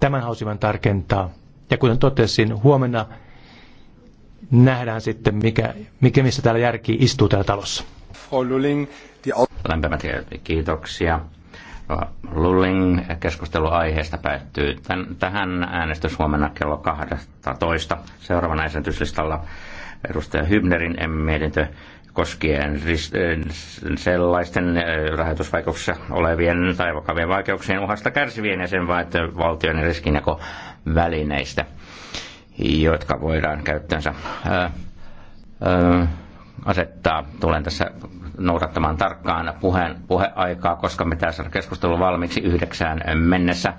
Tämän hausivan tarkentaa. Ja kuten totesin, huomenna nähdään sitten, mikä, mikä missä täällä järki istuu täällä talossa. Lämpimät kiitoksia. Lulling keskustelu aiheesta päättyy Tän, tähän äänestys huomenna kello 12. Seuraavana esityslistalla edustaja Hybnerin mietintö koskien eh, sellaisten eh, rahoitusvaikeuksissa olevien tai vakavien vaikeuksien uhasta kärsivien jäsenvaltioiden riskinjakovälineistä, jotka voidaan käyttöönsä eh, asettaa. Tulen tässä noudattamaan tarkkaan puheen, puheaikaa, koska me tässä keskustelu valmiiksi yhdeksään mennessä.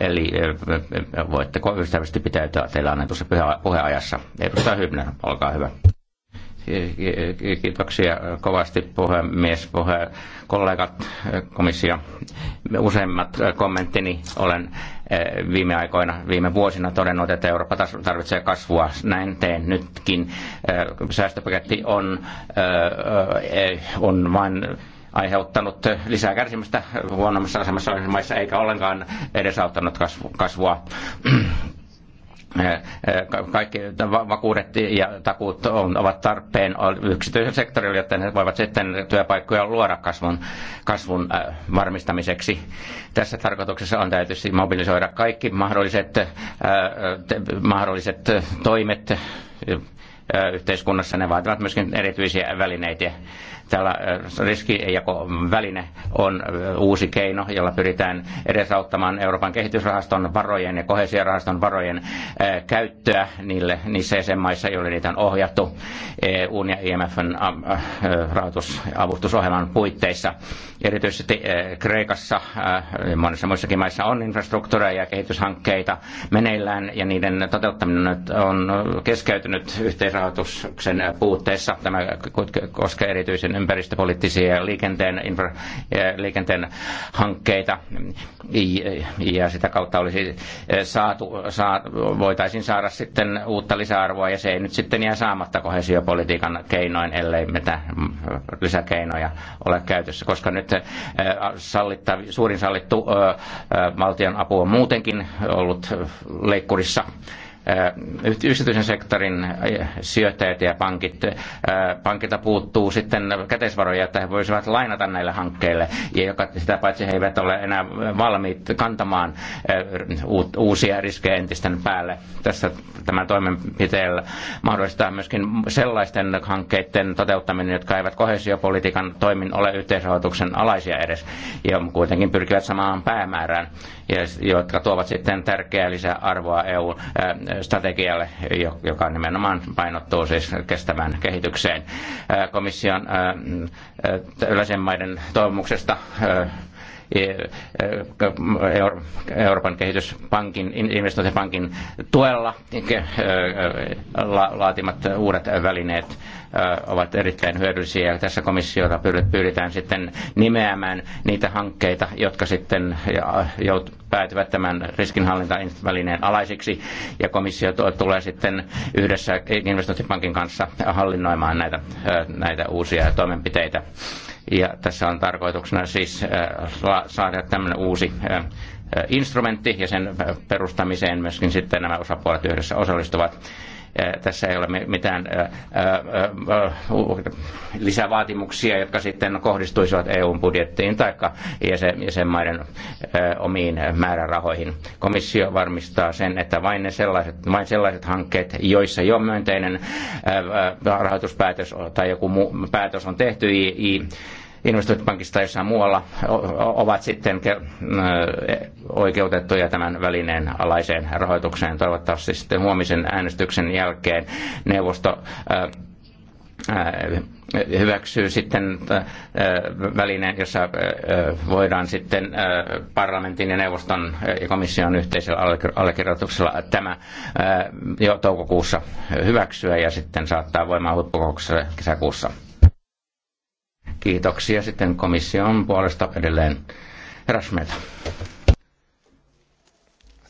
Eli voitteko ystävästi pitäytyä teillä annetussa puheajassa. Edustaja Hybner, olkaa hyvä. Kiitoksia kovasti puhemies, puhe, kollegat, komissio. Useimmat kommenttini olen eh, viime aikoina, viime vuosina todennut, että Eurooppa tarvitsee kasvua. Näin teen nytkin. Eh, säästöpaketti on, eh, on vain aiheuttanut lisää kärsimystä huonommassa asemassa maissa eikä ollenkaan edesauttanut kasvua kaikki vakuudet ja takuut ovat tarpeen yksityisen sektorille, jotta ne voivat sitten työpaikkoja luoda kasvun, kasvun varmistamiseksi. Tässä tarkoituksessa on täytyisi mobilisoida kaikki mahdolliset, mahdolliset toimet yhteiskunnassa. Ne vaativat myöskin erityisiä välineitä. Tällä riskijakoväline on uusi keino, jolla pyritään edesauttamaan Euroopan kehitysrahaston varojen ja kohesiorahaston varojen käyttöä niille, niissä jäsenmaissa, joille niitä on ohjattu EUn ja IMFn rahoitusavustusohjelman puitteissa. Erityisesti Kreikassa ja monissa muissakin maissa on infrastruktuuria ja kehityshankkeita meneillään ja niiden toteuttaminen on keskeytynyt yhteis rahoituksen puutteessa. Tämä koskee erityisen ympäristöpoliittisia ja liikenteen, infra, liikenteen hankkeita ja sitä kautta olisi eh, saatu, saa, voitaisiin saada sitten uutta lisäarvoa ja se ei nyt sitten jää saamatta kohesiopolitiikan keinoin, ellei mitä lisäkeinoja ole käytössä, koska nyt eh, suurin sallittu eh, valtion apu on muutenkin ollut leikkurissa yksityisen sektorin sijoittajat ja pankit, pankilta puuttuu sitten käteisvaroja, että he voisivat lainata näille hankkeille, ja joka, sitä paitsi he eivät ole enää valmiit kantamaan uusia riskejä entisten päälle. Tässä tämä toimenpiteellä mahdollistaa myöskin sellaisten hankkeiden toteuttaminen, jotka eivät kohesiopolitiikan toimin ole yhteisrahoituksen alaisia edes, ja kuitenkin pyrkivät samaan päämäärään, ja jotka tuovat sitten tärkeää lisäarvoa EU strategialle, joka nimenomaan painottuu siis kestävään kehitykseen. Komission yleisen maiden toivomuksesta Euroopan kehityspankin, investointipankin tuella laatimat uudet välineet ovat erittäin hyödyllisiä. Tässä komissiota pyydetään sitten nimeämään niitä hankkeita, jotka sitten päätyvät tämän riskinhallintavälineen alaisiksi. Ja komissio tulee sitten yhdessä investointipankin kanssa hallinnoimaan näitä, näitä uusia toimenpiteitä. Ja tässä on tarkoituksena siis äh, saada tämmöinen uusi äh, äh, instrumentti ja sen perustamiseen myöskin sitten nämä osapuolet yhdessä osallistuvat tässä ei ole mitään lisävaatimuksia, jotka sitten kohdistuisivat EUn budjettiin tai jäsenmaiden omiin määrärahoihin. Komissio varmistaa sen, että vain, ne sellaiset, vain sellaiset hankkeet, joissa jo myönteinen rahoituspäätös tai joku muu päätös on tehty, investointipankista jossain muualla ovat sitten oikeutettuja tämän välineen alaiseen rahoitukseen. Toivottavasti sitten huomisen äänestyksen jälkeen neuvosto hyväksyy sitten välineen, jossa voidaan sitten parlamentin ja neuvoston ja komission yhteisellä allekirjoituksella tämä jo toukokuussa hyväksyä ja sitten saattaa voimaan huippukokouksessa kesäkuussa. Kiitoksia sitten komission puolesta edelleen. Herra Schmidt.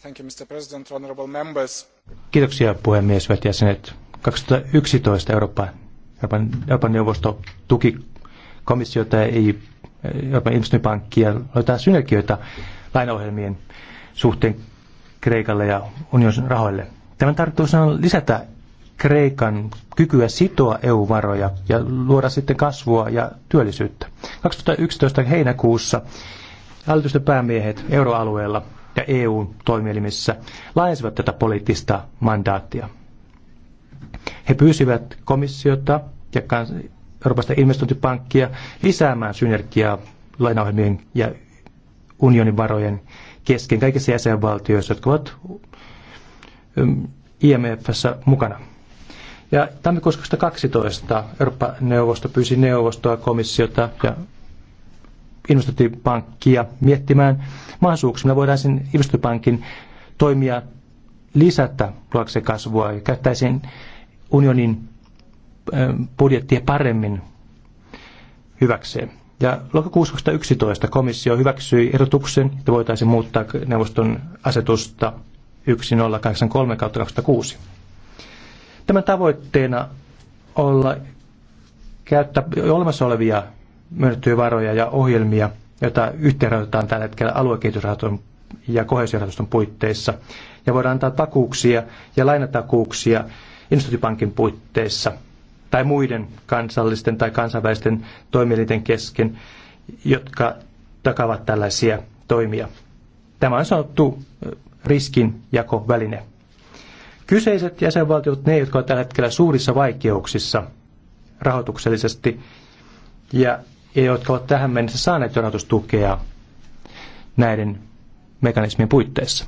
Thank you, Mr. President, honorable members. Kiitoksia puhemies, hyvät jäsenet. 2011 Euroopan, Euroopan, Euroopan neuvosto tuki komissiota ja ei Euroopan investointipankkia löytää synergioita lainaohjelmien suhteen Kreikalle ja unionin rahoille. Tämän tarkoitus on lisätä Kreikan kykyä sitoa EU-varoja ja luoda sitten kasvua ja työllisyyttä. 2011 heinäkuussa hallitusten päämiehet euroalueella ja EU-toimielimissä laajensivat tätä poliittista mandaattia. He pyysivät komissiota ja Euroopasta investointipankkia lisäämään synergiaa lainaohjelmien ja unionin varojen kesken kaikissa jäsenvaltioissa, jotka ovat mm, IMFssä mukana. Ja tammikuussa 2012 Eurooppa-neuvosto pyysi neuvostoa, komissiota ja investointipankkia miettimään mahdollisuuksia, millä voidaan sen investointipankin toimia lisätä luokse kasvua ja käyttäisiin unionin ähm, budjettia paremmin hyväkseen. Ja lokakuussa 2011 komissio hyväksyi erotuksen, että voitaisiin muuttaa neuvoston asetusta 1083 2006. Tämän tavoitteena olla käyttää olemassa olevia myönnettyjä varoja ja ohjelmia, joita yhteenrahoitetaan tällä hetkellä aluekehitysrahaston ja kohesiorahaston puitteissa. Ja voidaan antaa takuuksia ja lainatakuuksia instituutipankin puitteissa tai muiden kansallisten tai kansainvälisten toimielinten kesken, jotka takavat tällaisia toimia. Tämä on sanottu riskinjakoväline. Kyseiset jäsenvaltiot, ne jotka ovat tällä hetkellä suurissa vaikeuksissa rahoituksellisesti ja e, jotka ovat tähän mennessä saaneet rahoitustukea näiden mekanismien puitteissa.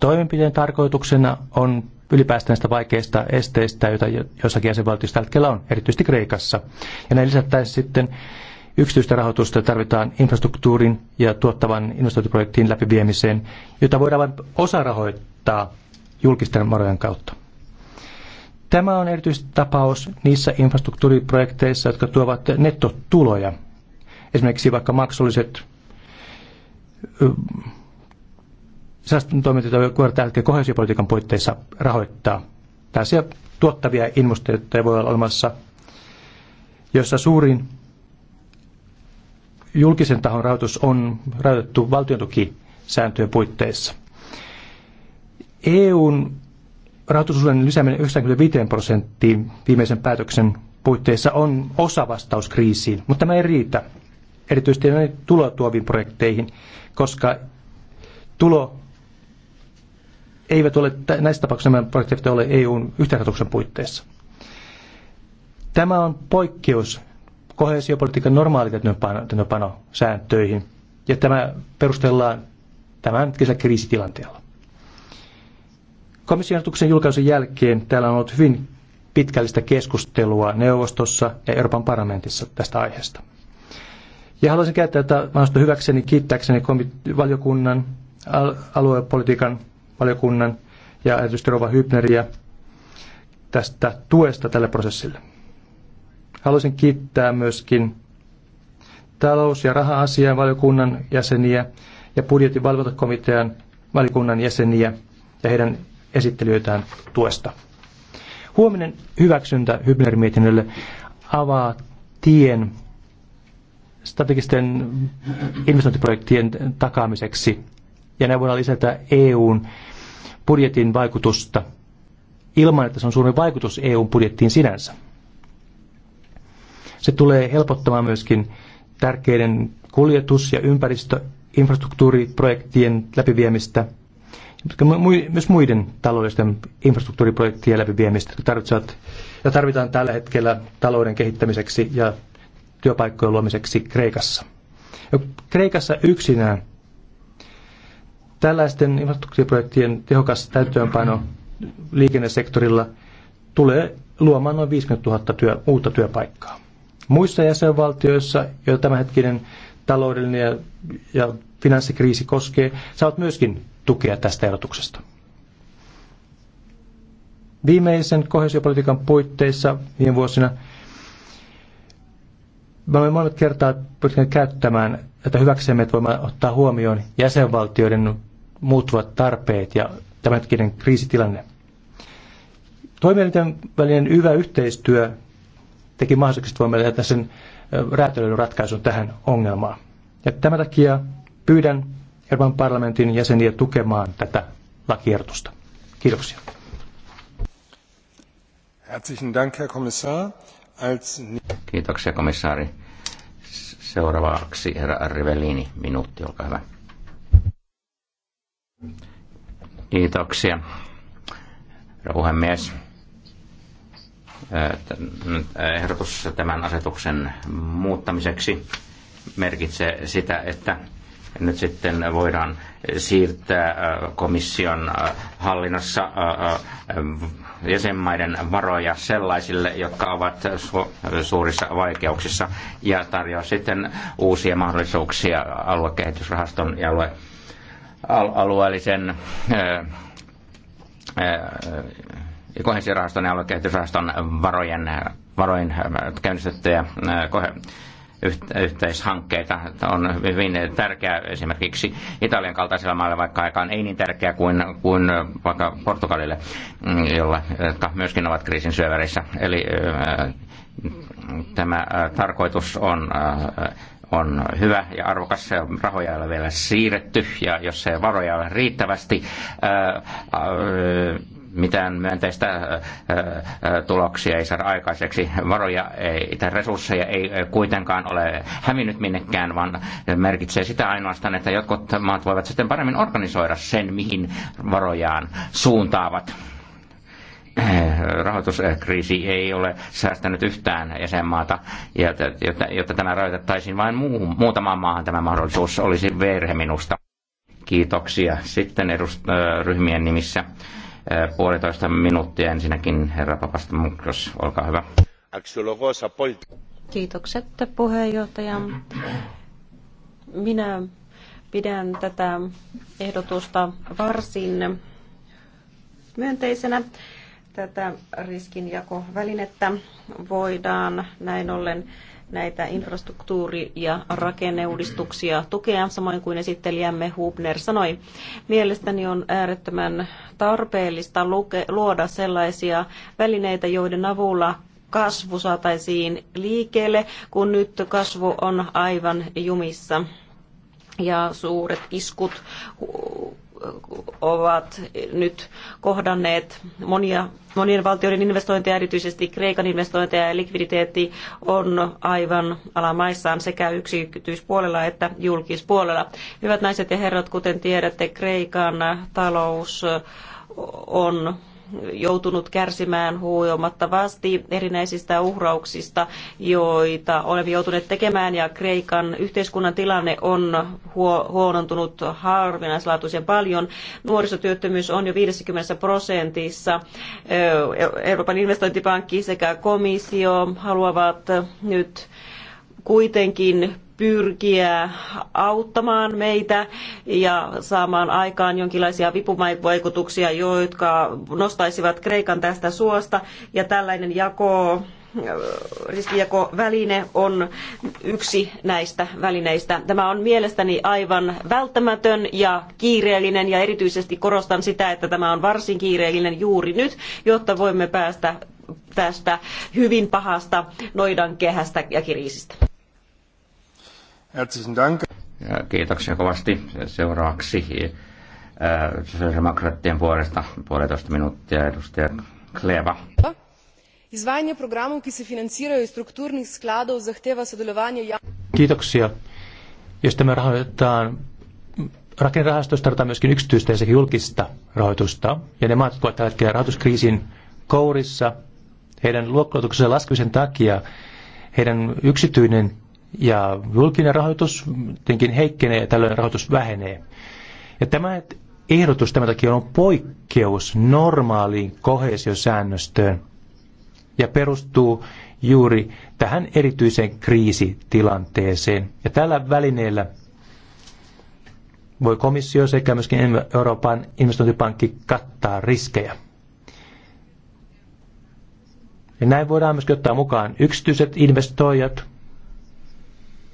Toimenpiteen tarkoituksena on ylipäätään näistä vaikeista esteistä, joita jossakin jäsenvaltiossa tällä hetkellä on, erityisesti Kreikassa. Ja näin lisättäisiin sitten yksityistä rahoitusta tarvitaan infrastruktuurin ja tuottavan investointiprojektin läpiviemiseen, jota voidaan vain osa rahoittaa julkisten varojen kautta. Tämä on erityistapaus niissä infrastruktuuriprojekteissa, jotka tuovat nettotuloja. Esimerkiksi vaikka maksulliset säästön toimintoja, joita voidaan tällä hetkellä kohesiopolitiikan puitteissa rahoittaa. Tällaisia tuottavia investointeja voi olla olemassa, joissa suurin julkisen tahon rahoitus on rajoitettu valtiontukisääntöjen puitteissa. EUn rahoitusosuuden lisääminen 95 prosenttiin viimeisen päätöksen puitteissa on osa vastaus kriisiin, mutta tämä ei riitä, erityisesti näihin tulotuoviin projekteihin, koska tulo eivät ole, näissä tapauksissa nämä projekteja ole EUn yhteenrahoituksen puitteissa. Tämä on poikkeus kohesiopolitiikan normaalitetnopano ja tämä perustellaan tämän kriisitilanteella. Komission ajatuksen julkaisun jälkeen täällä on ollut hyvin pitkällistä keskustelua neuvostossa ja Euroopan parlamentissa tästä aiheesta. Ja haluaisin käyttää tätä mahdollisuutta hyväkseni, kiittääkseni valiokunnan, aluepolitiikan valiokunnan ja erityisesti Rova Hybneriä tästä tuesta tälle prosessille. Haluaisin kiittää myöskin talous- ja raha-asian valiokunnan jäseniä ja budjetin valvontakomitean valiokunnan jäseniä ja heidän esittelijöitään tuesta. Huominen hyväksyntä Hybner-mietinnölle avaa tien strategisten investointiprojektien takaamiseksi ja näin voidaan lisätä EUn budjetin vaikutusta ilman, että se on suuri vaikutus EUn budjettiin sinänsä. Se tulee helpottamaan myöskin tärkeiden kuljetus- ja ympäristöinfrastruktuuriprojektien läpiviemistä – myös muiden taloudellisten infrastruktuuriprojektien läpiviemistä, jotka tarvitsevat ja tarvitaan tällä hetkellä talouden kehittämiseksi ja työpaikkojen luomiseksi Kreikassa. Ja Kreikassa yksinään tällaisten infrastruktuuriprojektien tehokas täyttöönpano liikennesektorilla tulee luomaan noin 50 000 työ, uutta työpaikkaa. Muissa jäsenvaltioissa, joita tämänhetkinen taloudellinen ja, ja finanssikriisi koskee, saavat myöskin tukea tästä erotuksesta. Viimeisen kohesiopolitiikan puitteissa viime vuosina me olemme monet kertaa pyrkineet käyttämään tätä hyväksemme, että voimme ottaa huomioon jäsenvaltioiden muuttuvat tarpeet ja tämänhetkinen kriisitilanne. Toimielinten välinen hyvä yhteistyö teki mahdolliseksi, että voimme tehdä sen räätälöidyn ratkaisun tähän ongelmaan. Ja tämän takia pyydän Euroopan parlamentin jäseniä tukemaan tätä lakiehdotusta. Kiitoksia. Herzlichen Dank, Herr Kommissar. Als... Kiitoksia, komissaari. Seuraavaksi herra Rivellini, minuutti, olkaa hyvä. Kiitoksia, herra puhemies. Ehdotus tämän asetuksen muuttamiseksi merkitsee sitä, että nyt sitten voidaan siirtää äh, komission äh, hallinnassa äh, jäsenmaiden varoja sellaisille, jotka ovat suurissa vaikeuksissa ja tarjoaa sitten uusia mahdollisuuksia aluekehitysrahaston ja alue, alueellisen kohesirahaston ja aluekehitysrahaston varojen, varojen käynnistettyjä yhteishankkeita. On hyvin tärkeää esimerkiksi Italian kaltaisella maalla, vaikka aikaan ei niin tärkeää kuin, kuin vaikka Portugalille, mm, jolla, jotka myöskin ovat kriisin syövärissä. Eli äh, tämä äh, tarkoitus on äh, on hyvä ja arvokas. Rahoja ei ole vielä siirretty ja jos se varoja ole riittävästi, ää, ää, mitään myönteistä tuloksia ei saada aikaiseksi. Varoja tai resursseja ei kuitenkaan ole hävinnyt minnekään, vaan merkitsee sitä ainoastaan, että jotkut maat voivat sitten paremmin organisoida sen, mihin varojaan suuntaavat rahoituskriisi ei ole säästänyt yhtään jäsenmaata, jotta, jotta tämä rajoitettaisiin vain muuhun, muutamaan maahan tämä mahdollisuus olisi verhe minusta. Kiitoksia. Sitten edust- ryhmien nimissä puolitoista minuuttia ensinnäkin herra Papasta Mukros, olkaa hyvä. Kiitokset puheenjohtaja. Minä pidän tätä ehdotusta varsin myönteisenä tätä riskinjakovälinettä voidaan näin ollen näitä infrastruktuuri- ja rakenneuudistuksia tukea, samoin kuin esittelijämme Hubner sanoi. Mielestäni on äärettömän tarpeellista luoda sellaisia välineitä, joiden avulla kasvu saataisiin liikkeelle, kun nyt kasvu on aivan jumissa ja suuret iskut ovat nyt kohdanneet monia, monien valtioiden investointeja, erityisesti Kreikan investointeja ja likviditeetti on aivan alamaissaan sekä yksityispuolella että julkispuolella. Hyvät naiset ja herrat, kuten tiedätte, Kreikan talous on joutunut kärsimään huomattavasti erinäisistä uhrauksista, joita olemme joutuneet tekemään, ja Kreikan yhteiskunnan tilanne on huonontunut harvinaislaatuisen paljon. Nuorisotyöttömyys on jo 50 prosentissa. Euroopan investointipankki sekä komissio haluavat nyt kuitenkin pyrkiä auttamaan meitä ja saamaan aikaan jonkinlaisia vipuvaikutuksia, jotka nostaisivat Kreikan tästä suosta. Ja tällainen jako riskijakoväline on yksi näistä välineistä. Tämä on mielestäni aivan välttämätön ja kiireellinen ja erityisesti korostan sitä, että tämä on varsin kiireellinen juuri nyt, jotta voimme päästä tästä hyvin pahasta noidankehästä ja kriisistä. Herzlichen Dank. Kiitoksia kovasti. Seuraavaksi sosiaalidemokraattien puolesta puolitoista minuuttia edustaja Kleva. Izvajanje programov, ki se financirajo iz strukturnih skladov, zahteva sodelovanje Kiitoksia. Jos tämä rahoitetaan rakennerahastoista, tarvitaan myöskin yksityistä ja sekä julkista rahoitusta. Ja ne maat, jotka ovat tällä hetkellä rahoituskriisin kourissa, heidän luokkautuksensa laskemisen takia heidän yksityinen ja julkinen rahoitus tietenkin heikkenee ja tällöin rahoitus vähenee. Ja tämä ehdotus tämän takia on poikkeus normaaliin kohesiosäännöstöön ja perustuu juuri tähän erityiseen kriisitilanteeseen. Ja tällä välineellä voi komissio sekä myöskin Euroopan investointipankki kattaa riskejä. Ja näin voidaan myöskin ottaa mukaan yksityiset investoijat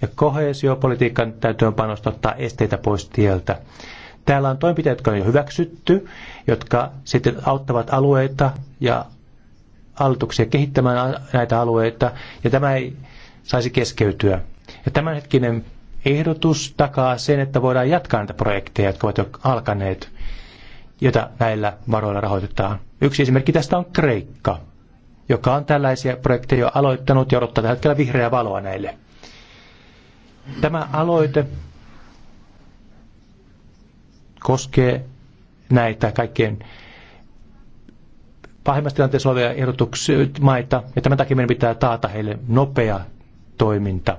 ja kohesiopolitiikan täytyy panostaa ottaa esteitä pois tieltä. Täällä on toimenpiteet, jotka on jo hyväksytty, jotka sitten auttavat alueita ja hallituksia kehittämään näitä alueita, ja tämä ei saisi keskeytyä. Ja tämänhetkinen ehdotus takaa sen, että voidaan jatkaa näitä projekteja, jotka ovat jo alkaneet, joita näillä varoilla rahoitetaan. Yksi esimerkki tästä on Kreikka, joka on tällaisia projekteja jo aloittanut ja odottaa tällä hetkellä vihreää valoa näille. Tämä aloite koskee näitä kaikkein pahimmassa tilanteessa olevia ehdotuksia, maita, ja tämän takia meidän pitää taata heille nopea toiminta,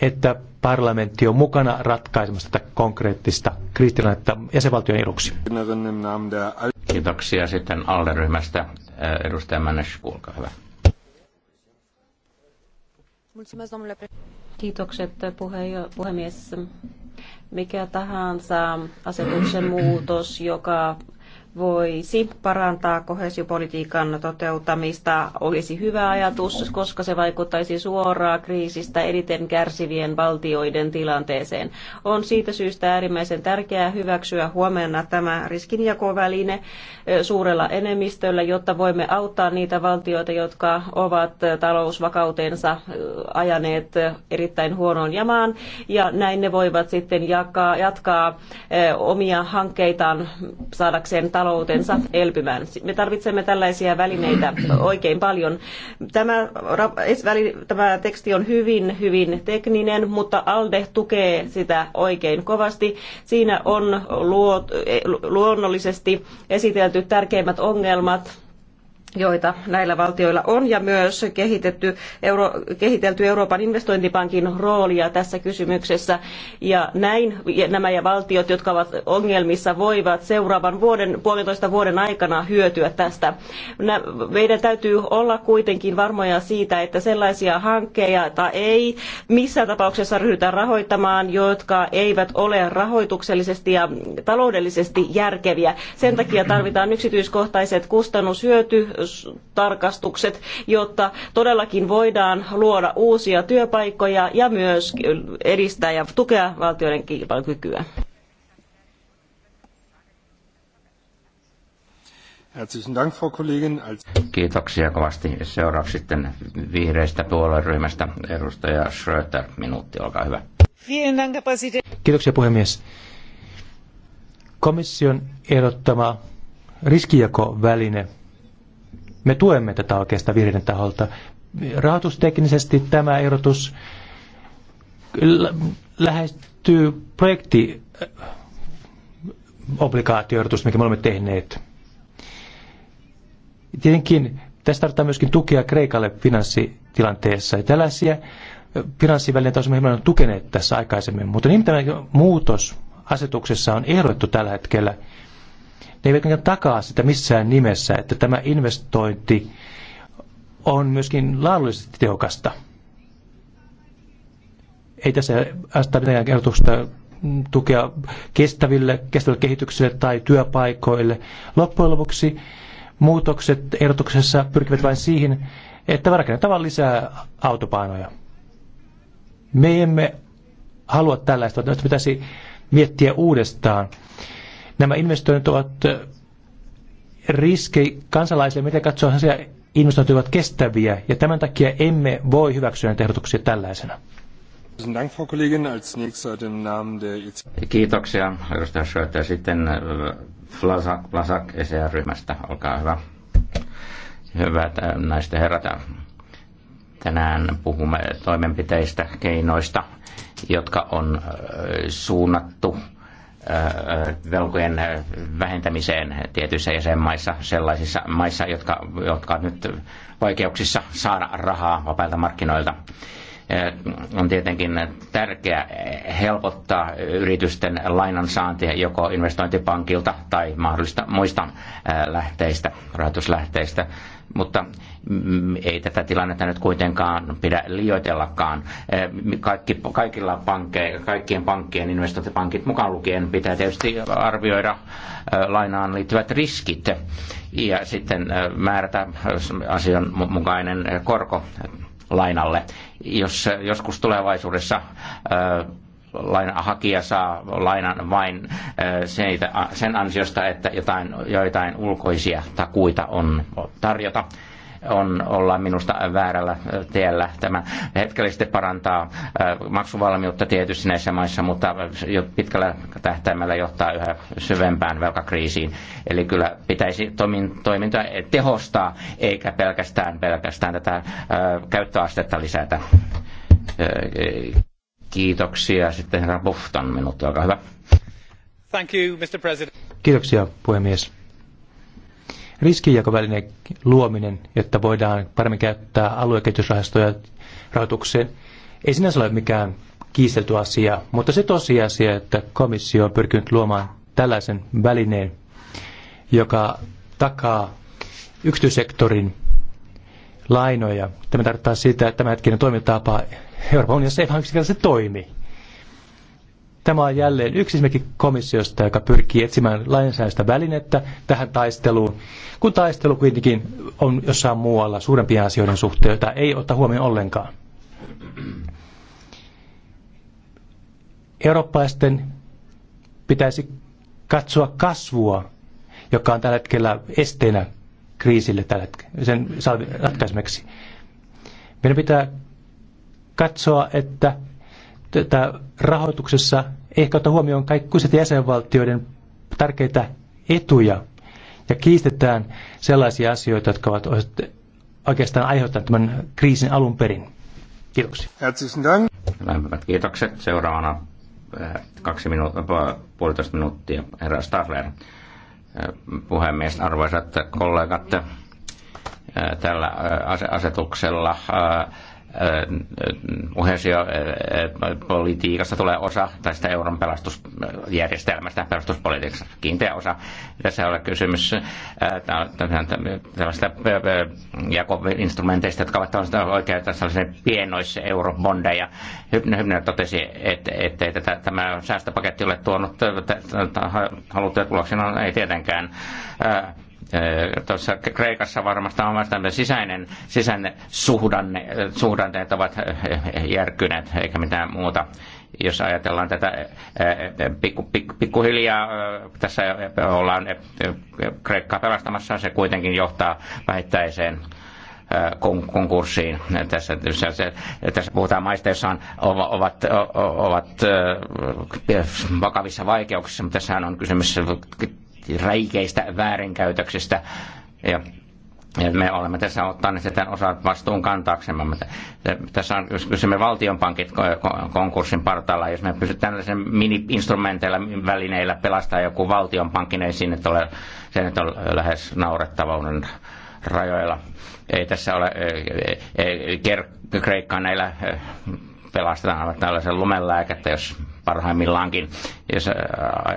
että parlamentti on mukana ratkaisemassa tätä konkreettista kriisitilannetta jäsenvaltion eduksi. Kiitoksia sitten alderyhmästä. Edustaja Mänesh, kuulkaa hyvä. Kiitokset puhemies. Mikä tahansa asetuksen muutos, joka voisi parantaa kohesiopolitiikan toteuttamista olisi hyvä ajatus, koska se vaikuttaisi suoraan kriisistä eniten kärsivien valtioiden tilanteeseen. On siitä syystä äärimmäisen tärkeää hyväksyä huomenna tämä riskinjakoväline suurella enemmistöllä, jotta voimme auttaa niitä valtioita, jotka ovat talousvakautensa ajaneet erittäin huonoon jamaan, ja näin ne voivat sitten jakaa, jatkaa omia hankkeitaan saadakseen talous taloutensa elpymään. Me tarvitsemme tällaisia välineitä oikein paljon. Tämä, tämä teksti on hyvin, hyvin tekninen, mutta ALDE tukee sitä oikein kovasti. Siinä on e- luonnollisesti esitelty tärkeimmät ongelmat, joita näillä valtioilla on, ja myös kehitetty Euro, kehitelty Euroopan investointipankin roolia tässä kysymyksessä. Ja näin nämä ja valtiot, jotka ovat ongelmissa, voivat seuraavan vuoden, puolentoista vuoden aikana hyötyä tästä. Meidän täytyy olla kuitenkin varmoja siitä, että sellaisia hankkeita ei missään tapauksessa ryhdytä rahoittamaan, jotka eivät ole rahoituksellisesti ja taloudellisesti järkeviä. Sen takia tarvitaan yksityiskohtaiset kustannushyöty tarkastukset, jotta todellakin voidaan luoda uusia työpaikkoja ja myös edistää ja tukea valtioiden kilpailukykyä. Kiitoksia kovasti. Seuraavaksi sitten vihreistä puolueryhmästä edustaja Schröter. Minuutti, olkaa hyvä. Kiitoksia puhemies. Komission ehdottama riskijakoväline – me tuemme tätä oikeasta vihreiden taholta. Rahoitusteknisesti tämä ehdotus lähestyy projekti äh, obligaatioehdotus, mikä me olemme tehneet. Tietenkin tässä tarvitaan myöskin tukea Kreikalle finanssitilanteessa. Ja tällaisia äh, finanssivälineitä olisimme on tukeneet tässä aikaisemmin. Mutta niin tämä muutos asetuksessa on ehdotettu tällä hetkellä, ne eivät takaa sitä missään nimessä, että tämä investointi on myöskin laadullisesti tehokasta. Ei tässä asta mitään ehdotusta tukea kestäville, kestäville kehitykselle tai työpaikoille. Loppujen lopuksi muutokset ehdotuksessa pyrkivät vain siihen, että rakennetaan lisää autopainoja. Me emme halua tällaista, että pitäisi miettiä uudestaan Nämä investoinnit ovat riski kansalaisille, mitä katsoo asia investoinnit ovat kestäviä, ja tämän takia emme voi hyväksyä näitä ehdotuksia tällaisena. Kiitoksia, edustaja Schröter. Sitten flasak Vlasak ECR-ryhmästä, olkaa hyvä. Hyvät näistä herrat, tänään puhumme toimenpiteistä, keinoista, jotka on suunnattu velkojen vähentämiseen tietyissä jäsenmaissa, sellaisissa maissa, jotka, jotka nyt vaikeuksissa saada rahaa vapailta markkinoilta on tietenkin tärkeää helpottaa yritysten lainansaantia joko investointipankilta tai mahdollista muista lähteistä, rahoituslähteistä. Mutta mm, ei tätä tilannetta nyt kuitenkaan pidä liioitellakaan. Kaikki, kaikilla pankkeilla, kaikkien pankkien, investointipankit mukaan lukien, pitää tietysti arvioida lainaan liittyvät riskit ja sitten määrätä asianmukainen korko lainalle. Jos äh, joskus tulevaisuudessa äh, lainahakija saa lainan vain äh, sen ansiosta, että jotain, joitain ulkoisia takuita on tarjota, on olla minusta väärällä tiellä. Tämä hetkellisesti parantaa äh, maksuvalmiutta tietysti näissä maissa, mutta äh, jo pitkällä tähtäimellä johtaa yhä syvempään velkakriisiin. Eli kyllä pitäisi toimintoja tehostaa, eikä pelkästään, pelkästään tätä äh, käyttöastetta lisätä. Kiitoksia. Sitten herra Bufton minuutti, olkaa hyvä. Thank you, Mr. President. Kiitoksia, puhemies riskijakovälineen luominen, jotta voidaan paremmin käyttää aluekehitysrahastoja rahoitukseen, ei sinänsä ole mikään kiistelty asia, mutta se tosiasia, että komissio on pyrkinyt luomaan tällaisen välineen, joka takaa yksityissektorin lainoja. Tämä tarkoittaa sitä, että tämä hetkinen toimintatapa Euroopan unionissa ei vain yksinkertaisesti toimi. Tämä on jälleen yksi esimerkki komissiosta, joka pyrkii etsimään lainsäädännöstä välinettä tähän taisteluun, kun taistelu kuitenkin on jossain muualla suurempien asioiden suhteen, jota ei otta huomioon ollenkaan. Eurooppaisten pitäisi katsoa kasvua, joka on tällä hetkellä esteenä kriisille tällä hetkellä, sen ratkaisemiseksi. Meidän pitää katsoa, että tätä rahoituksessa ehkä ottaa huomioon kaikkuiset jäsenvaltioiden tärkeitä etuja ja kiistetään sellaisia asioita, jotka ovat oikeastaan aiheuttaneet tämän kriisin alun perin. Kiitoksia. Lämpimät kiitokset. Seuraavana eh, kaksi minuuttia, eh, puolitoista minuuttia, herra Starler. Eh, puhemies, arvoisat kollegat, tällä asetuksella Äh, äh, äh, politiikasta tulee osa tästä euron pelastusjärjestelmästä, pelastuspolitiikasta kiinteä osa. Tässä ei ole kysymys tällaista jakoinstrumenteista, jotka ovat oikeita sellaisia pienoissa eurobondeja Hybner totesi, että ettei tämä säästöpaketti ole tuonut haluttuja tuloksena, no, ei tietenkään tuossa Kreikassa varmasti on sisäinen, sisäinen suhdanne, suhdanteet ovat järkkyneet eikä mitään muuta. Jos ajatellaan tätä pikkuhiljaa, pikku, pikku tässä ollaan Kreikkaa pelastamassa, se kuitenkin johtaa vähittäiseen konkurssiin. Tässä, tässä, tässä puhutaan maista, joissa on, ovat, ovat, ovat vakavissa vaikeuksissa, mutta tässä on kysymys räikeistä väärinkäytöksistä. Ja ja me olemme tässä ottaneet sitten osa vastuun kantaaksemme. Tässä on, jos kysymme valtionpankit konkurssin partaalla, jos me pystytään tällaisen mini-instrumenteilla, välineillä pelastaa joku valtionpankki, niin sinne ole, se nyt on lähes naurettavuuden rajoilla. Ei tässä ole ei, ei, Kreikkaan näillä pelastetaan tällaisen lumenlääkettä, jos parhaimmillaankin, jos äh,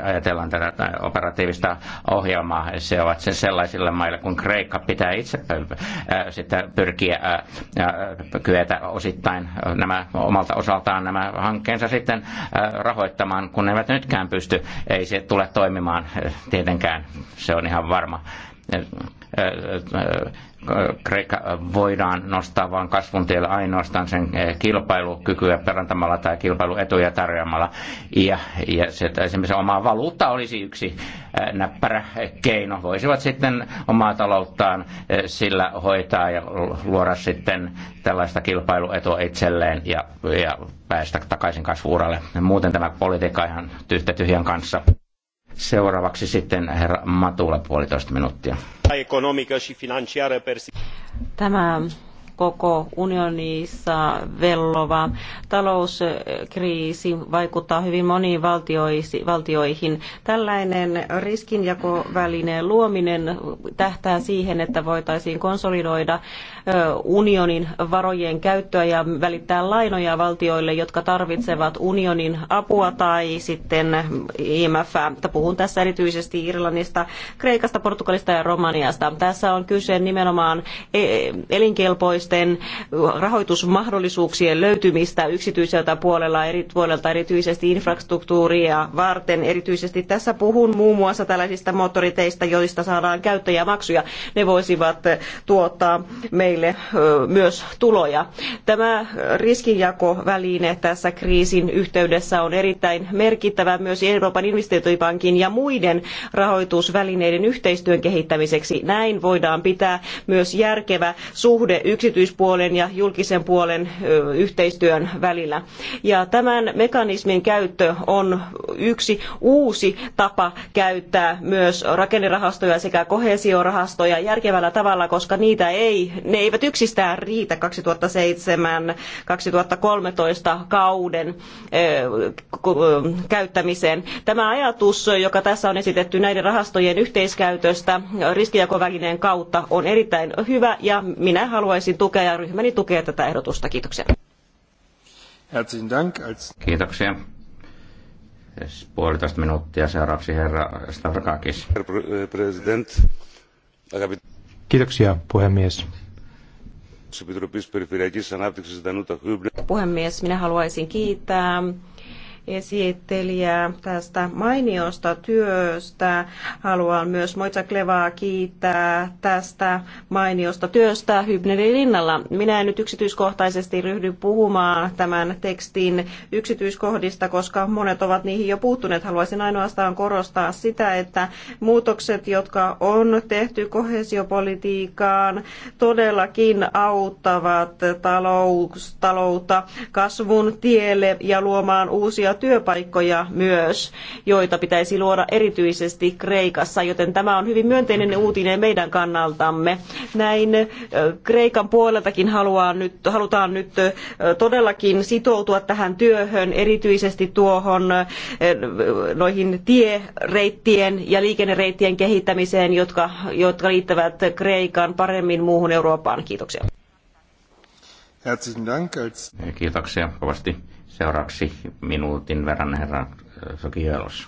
ajatellaan tätä äh, operatiivista ohjelmaa, niin se ovat sen sellaisille maille, kun Kreikka pitää itse äh, sitä pyrkiä kyetä osittain nämä, omalta osaltaan nämä hankkeensa sitten rahoittamaan, kun ne eivät nytkään pysty, ei se tule toimimaan tietenkään, se on ihan varma Kreikka voidaan nostaa vain kasvun tielle ainoastaan sen eh, kilpailukykyä parantamalla tai kilpailuetuja tarjoamalla. Ja, ja se, esimerkiksi oma valuutta olisi yksi eh, näppärä keino. Voisivat sitten omaa talouttaan eh, sillä hoitaa ja luoda sitten tällaista kilpailuetua itselleen ja, ja päästä takaisin kasvuuralle. Muuten tämä politiikka ihan tyhjän kanssa. Seuraavaksi sitten herra Matula puolitoista minuuttia. Tämä koko unionissa vellova talouskriisi vaikuttaa hyvin moniin valtioihin. Tällainen riskinjakovälineen luominen tähtää siihen, että voitaisiin konsolidoida unionin varojen käyttöä ja välittää lainoja valtioille, jotka tarvitsevat unionin apua tai sitten IMF. Puhun tässä erityisesti Irlannista, Kreikasta, Portugalista ja Romaniasta. Tässä on kyse nimenomaan e- elinkelpoista yritysten rahoitusmahdollisuuksien löytymistä yksityiseltä puolella, eri, puolelta erityisesti infrastruktuuria varten. Erityisesti tässä puhun muun muassa tällaisista moottoriteistä, joista saadaan käyttäjämaksuja. Ne voisivat tuottaa meille myös tuloja. Tämä riskinjakoväline tässä kriisin yhteydessä on erittäin merkittävä myös Euroopan investointipankin ja muiden rahoitusvälineiden yhteistyön kehittämiseksi. Näin voidaan pitää myös järkevä suhde yksityis yksityispuolen ja julkisen puolen yhteistyön välillä. Ja tämän mekanismin käyttö on yksi uusi tapa käyttää myös rakennerahastoja sekä kohesiorahastoja järkevällä tavalla, koska niitä ei, ne eivät yksistään riitä 2007-2013 kauden käyttämiseen. Tämä ajatus, joka tässä on esitetty näiden rahastojen yhteiskäytöstä riskijakovälineen kautta, on erittäin hyvä ja minä haluaisin tukea tukea ja ryhmäni tukee tätä ehdotusta. Kiitoksia. Kiitoksia. Siis puolitoista minuuttia seuraavaksi herra Stavrakakis. Eh, Kiitoksia puhemies. Puhemies, minä haluaisin kiittää esittelijä tästä mainiosta työstä. Haluan myös Moitsa Klevaa kiittää tästä mainiosta työstä Hybnerin rinnalla. Minä en nyt yksityiskohtaisesti ryhdy puhumaan tämän tekstin yksityiskohdista, koska monet ovat niihin jo puuttuneet. Haluaisin ainoastaan korostaa sitä, että muutokset, jotka on tehty kohesiopolitiikkaan, todellakin auttavat talous, taloutta kasvun tielle ja luomaan uusia työpaikkoja myös, joita pitäisi luoda erityisesti Kreikassa, joten tämä on hyvin myönteinen uutinen meidän kannaltamme. Näin Kreikan puoleltakin haluaa nyt, halutaan nyt todellakin sitoutua tähän työhön, erityisesti tuohon noihin tiereittien ja liikennereittien kehittämiseen, jotka, jotka liittävät Kreikan paremmin muuhun Eurooppaan. Kiitoksia. Kiitoksia kovasti. Seuraavaksi minuutin verran herra Sokihielos.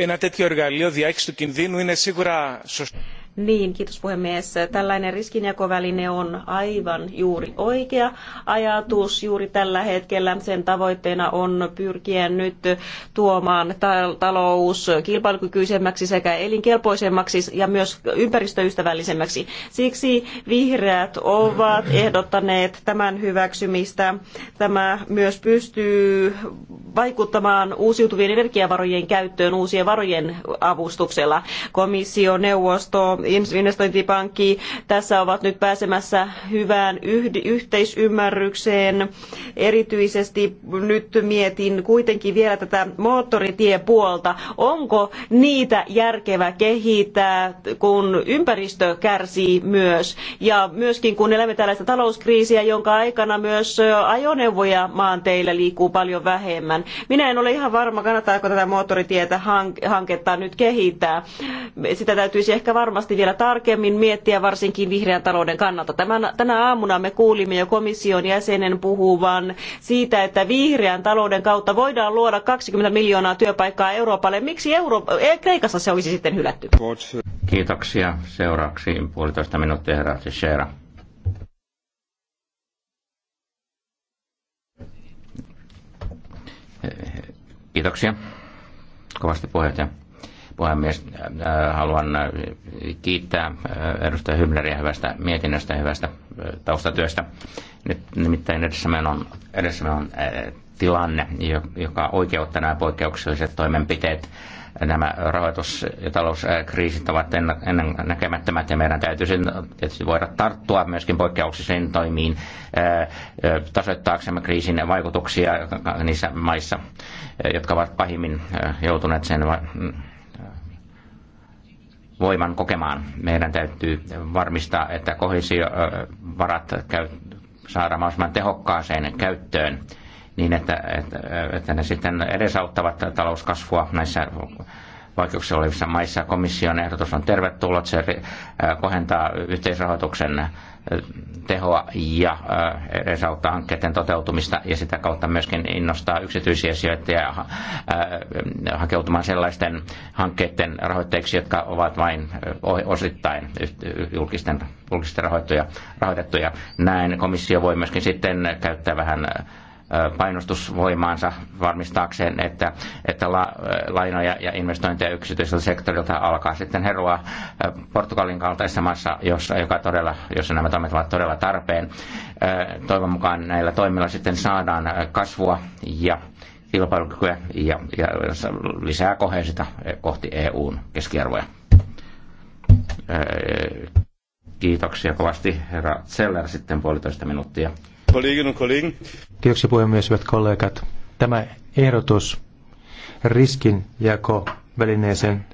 Ένα τέτοιο εργαλείο διάχυσης του κινδύνου είναι σίγουρα σωστό. Niin, kiitos puhemies. Tällainen riskinjakoväline on aivan juuri oikea ajatus juuri tällä hetkellä. Sen tavoitteena on pyrkiä nyt tuomaan talous kilpailukykyisemmäksi sekä elinkelpoisemmaksi ja myös ympäristöystävällisemmäksi. Siksi vihreät ovat ehdottaneet tämän hyväksymistä. Tämä myös pystyy vaikuttamaan uusiutuvien energiavarojen käyttöön uusien varojen avustuksella. Komissio, neuvosto, investointipankki tässä ovat nyt pääsemässä hyvään yhteisymmärrykseen. Erityisesti nyt mietin kuitenkin vielä tätä moottoritiepuolta. Onko niitä järkevä kehittää, kun ympäristö kärsii myös? Ja myöskin kun elämme tällaista talouskriisiä, jonka aikana myös ajoneuvoja maanteillä liikkuu paljon vähemmän. Minä en ole ihan varma, kannattaako tätä moottoritietä hanketta nyt kehittää. Sitä täytyisi ehkä varmasti varmasti vielä tarkemmin miettiä varsinkin vihreän talouden kannalta. Tämän, tänä aamuna me kuulimme jo komission jäsenen puhuvan siitä, että vihreän talouden kautta voidaan luoda 20 miljoonaa työpaikkaa Euroopalle. Miksi Euro- e, Kreikassa se olisi sitten hylätty? Kiitoksia. Seuraavaksi puolitoista minuuttia herra Teixeira. Kiitoksia. Kovasti puheenjohtaja puhemies. Äh, haluan äh, kiittää äh, edustaja Hymneriä hyvästä mietinnöstä ja hyvästä taustatyöstä. Nyt nimittäin meillä on, meillä on tilanne, joka oikeuttaa nämä poikkeukselliset toimenpiteet. Nämä rahoitus- ja talouskriisit ovat ennen näkemättömät ja meidän täytyy tietysti voida tarttua myöskin poikkeuksellisiin toimiin tasoittaaksemme kriisin vaikutuksia niissä maissa, jotka ovat pahimmin joutuneet sen voiman kokemaan. Meidän täytyy varmistaa, että kohesiovarat saadaan mahdollisimman tehokkaaseen käyttöön niin, että, että, että ne sitten edesauttavat talouskasvua näissä vaikeuksia olevissa maissa. Komission ehdotus on tervetullut. Se eh, kohentaa yhteisrahoituksen eh, tehoa ja eh, edesauttaa hankkeiden toteutumista ja sitä kautta myöskin innostaa yksityisiä sijoittajia hakeutumaan sellaisten hankkeiden rahoitteiksi, jotka ovat vain osittain julkisten, julkisten rahoittuja, rahoitettuja. Näin komissio voi myöskin sitten käyttää vähän painostusvoimaansa varmistaakseen, että, että la, lainoja ja investointeja yksityiseltä sektorilta alkaa sitten herua Portugalin kaltaisessa maassa, jossa, joka todella, jossa nämä toimet ovat todella tarpeen. Toivon mukaan näillä toimilla sitten saadaan kasvua ja kilpailukykyä ja, ja lisää koheisita kohti EUn keskiarvoja. Kiitoksia kovasti, herra Zeller, sitten puolitoista minuuttia. Kiitoksia puhemies, hyvät kollegat. Tämä ehdotus riskinjakovälineeseen,